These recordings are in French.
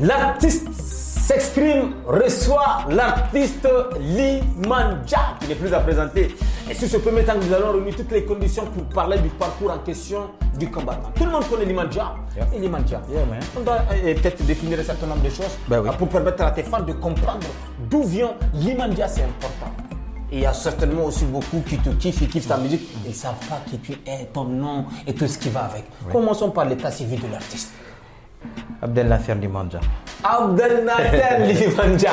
L'artiste s'exprime, reçoit l'artiste Limandja qui n'est plus à présenter. Et sur ce premier temps, nous allons remettre toutes les conditions pour parler du parcours en question du combattant. Tout le monde connaît Limandja. on doit euh, peut-être définir un certain nombre de choses ben euh, pour permettre à tes fans de comprendre d'où vient Limandja, c'est important. il y a certainement aussi beaucoup qui te kiffent, qui kiffent ta musique. Ils ne savent pas qui tu es, ton nom et tout ce qui va avec. Commençons par l'état civil de l'artiste. Abdel Nasser Dimanja. Abdel Nasser Dimanja.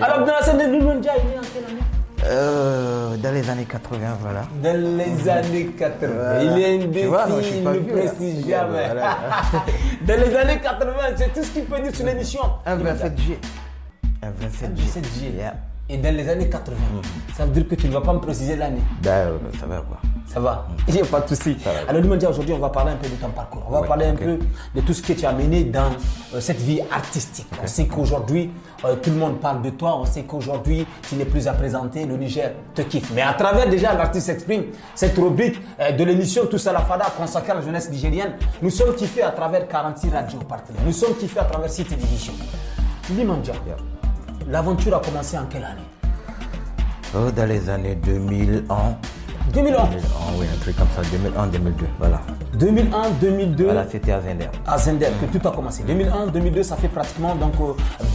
Alors, Abdel Nasser Dimanja, il est en quelle année euh, dans les années 80, voilà. Dans les années 80. Il est indécis, il ne précise jamais. dans les années 80, c'est tout ce qu'il peut dire sur l'émission. Un 27G. Un 27G. Un et dans les années 80. Mhm. Ça veut dire que tu ne vas pas me préciser l'année. Ben, euh, ça va quoi. Ça va, mhm. il n'y a pas de souci. Alors, aujourd'hui, on va parler un peu de ton parcours. On va parler un peu de tout ce que tu as mené dans euh, cette vie artistique. On sait qu'aujourd'hui, euh, tout le monde parle de toi. On sait qu'aujourd'hui, tu n'es plus à présenter. Le Niger te kiffe. Mais à travers déjà l'artiste s'exprime, cette rubrique de l'émission Tous à la Fada consacrée à la jeunesse nigérienne, nous sommes kiffés à travers 46 radios partenaires. Nous sommes kiffés à travers 6 télévisions. Limandia. L'aventure a commencé en quelle année oh, Dans les années 2001. 2001 oui, un truc comme ça, 2001-2002, voilà. 2001-2002 Voilà, c'était à Zender. À Zender, que tout a commencé. 2001-2002, ça fait pratiquement 20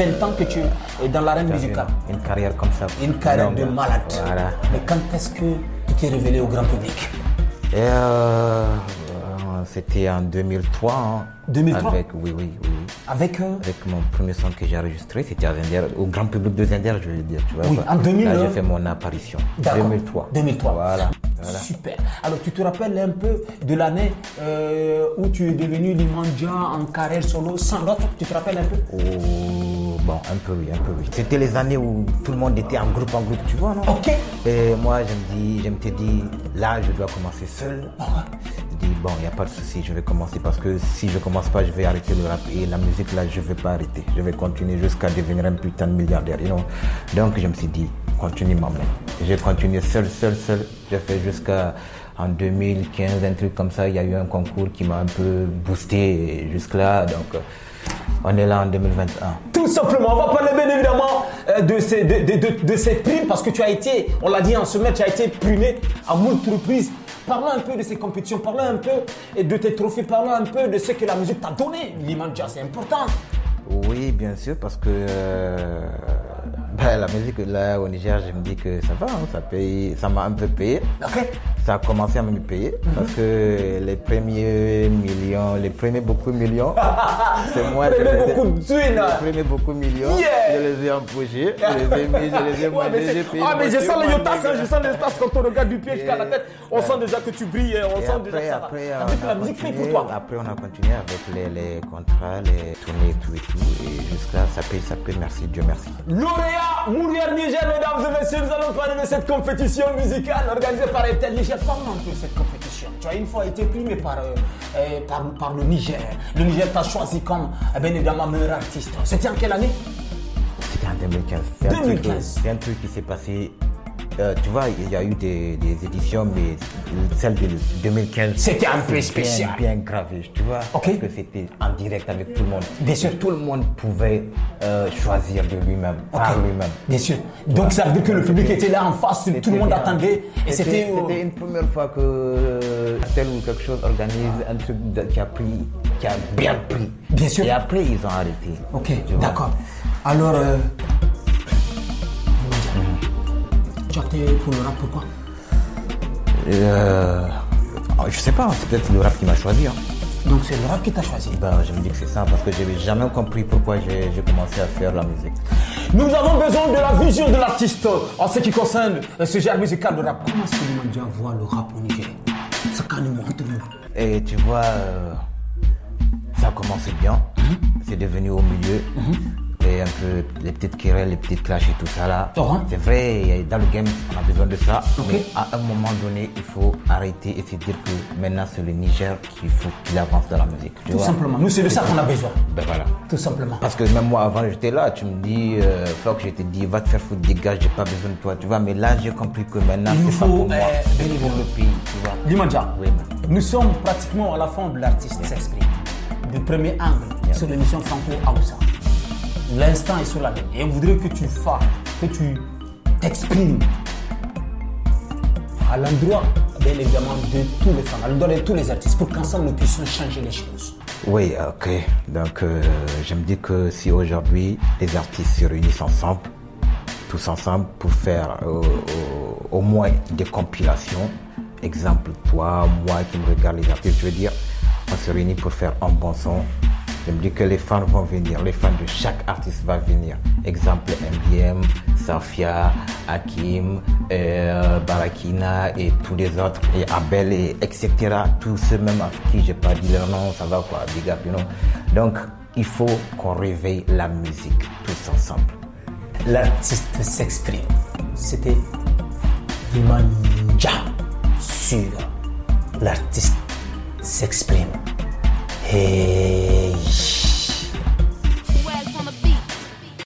euh, ans que tu es dans l'arène musicale. Une, carrière comme ça. Une carrière de malade. Mais quand est-ce que tu t'es révélé au grand public Et euh, c'était en 2003. 2003 hein. avec, Oui, oui, oui. Avec euh? Avec mon premier son que j'ai enregistré, c'était à au grand public de Zender, je veux dire. oui, en 2000... Là, j'ai euh? fait mon apparition. 2003. 2003. Voilà, Super. Alors, tu te rappelles un peu de l'année euh, où tu es devenu Limandja en carrière solo, sans l'autre Tu te rappelles un peu oh... Bon, un peu oui, un peu oui. C'était les années où tout le monde était en groupe, en groupe, tu vois, non Ok. Et moi, je me dis, je me dit, là, je dois commencer seul bon, il n'y a pas de souci, je vais commencer parce que si je commence pas, je vais arrêter le rap et la musique là, je vais pas arrêter. Je vais continuer jusqu'à devenir un putain de milliardaire. You Donc je me suis dit, continue maman. J'ai continué seul, seul, seul. J'ai fait jusqu'à en 2015, un truc comme ça. Il y a eu un concours qui m'a un peu boosté jusque-là. Donc euh, on est là en 2021. Tout simplement, on va parler bien évidemment euh, de ces, de, de, de, parce que tu as été, on l'a dit en semaine, tu as été pruné à moult reprises Parlons un peu de ces compétitions, parlons un peu de tes trophées, parlons un peu de ce que la musique t'a donné. c'est important. Oui, bien sûr, parce que euh, bah, la musique là au Niger, je me dis que ça va, hein, ça paye, ça m'a un peu payé. Ok. Ça a commencé à me payer mhm. parce que les premiers millions, les premiers beaucoup de millions, c'est moi qui les beaucoup ai, les premiers beaucoup de millions, je les ai empochés, je les ai mis, je les ai ouais, Ah mais je sens les yotas, hein, je sens le yotas quand on regarde du pied jusqu'à la tête, on sent déjà que tu brilles, hein, on sent déjà que ça. Après, Après on a continué avec les, contrats, les tournées et tout et tout, et jusqu'à ça paye, ça paye, merci Dieu merci. L'Oréal Mourir Niger, mesdames et messieurs, nous allons parler de cette compétition musicale organisée par Etel Niger. parle un cette compétition. Tu as une fois été primé euh, euh, par, par, le Niger. Le Niger t'a choisi comme, eh bien évidemment, meilleur artiste. C'était en quelle année C'était en 2015. 2015. C'est un truc qui s'est passé euh, tu vois, il y a eu des, éditions, mais celle de 2015. C'était un peu spécial. Bien, bien gravé, tu vois. Parce que c'était en direct avec tout le monde. Bien sûr. Tout le monde pouvait euh, choisir de lui-même, par lui-même. Bien sûr. Donc ça veut dire que le public était là en face, tout le monde attendait. Et c'était. une première fois que euh, tel ou quelque chose organise un truc qui a pris, qui a bien pris. Bien sûr. Et après, ils ont arrêté. Ok, d'accord. Alors, pour le rap, pourquoi euh, oh, Je sais pas, c'est peut-être le rap qui m'a choisi. Hein. Donc c'est le rap qui t'a choisi ben, Je me dis que c'est ça parce que je jamais compris pourquoi j'ai commencé à faire la musique. Nous avons besoin de la vision de l'artiste en ce qui concerne le sujet musical de rap. Comment est-ce que à voit le rap au Niger Et tu vois, euh, ça a commencé bien, hein c'est devenu au milieu. Hein un peu les petites querelles, les petites clashes et tout ça là. C'est vrai, dans le game, on a besoin de ça. Mais à un moment donné, il faut arrêter et se dire que maintenant, c'est le Niger qu'il faut qu'il avance dans la musique. tout simplement. Nous, c'est de ça qu'on a besoin. Ben voilà. Tout simplement. Parce que même moi, avant, j'étais là, tu me dis, euh, Flock, je te dit va te faire foutre, dégage, j'ai pas besoin de toi, tu vois. Mais là, j'ai compris que maintenant, c'est ça pour euh, le pays, tu vois. Limanja, nous sommes pratiquement à la fin de l'artiste s'exprime, du premier angle sur l'émission Franco Aoussa. L'instant est sur la ligne. Et on voudrait que tu fasses, que tu t'exprimes à l'endroit des évidemment de tous les femmes, à l'endroit de tous les artistes, pour qu'ensemble nous puissions changer les choses. Oui, ok. Donc, euh, je me dis que si aujourd'hui les artistes se réunissent ensemble, tous ensemble, pour faire euh, au, au moins des compilations, exemple, toi, moi qui me regarde les artistes, je veux dire, on se réunit pour faire un bon son, je me dis que les fans vont venir, les fans de chaque artiste va venir. Exemple MDM, Safia, Hakim, euh, Barakina et tous les autres, et Abel, et etc. Tous ceux même à qui j'ai pas dit leur nom, ça va quoi, big up, you Donc, il faut qu'on réveille la musique tous ensemble. L'artiste s'exprime. C'était Dimanja sur l'artiste s'exprime. Et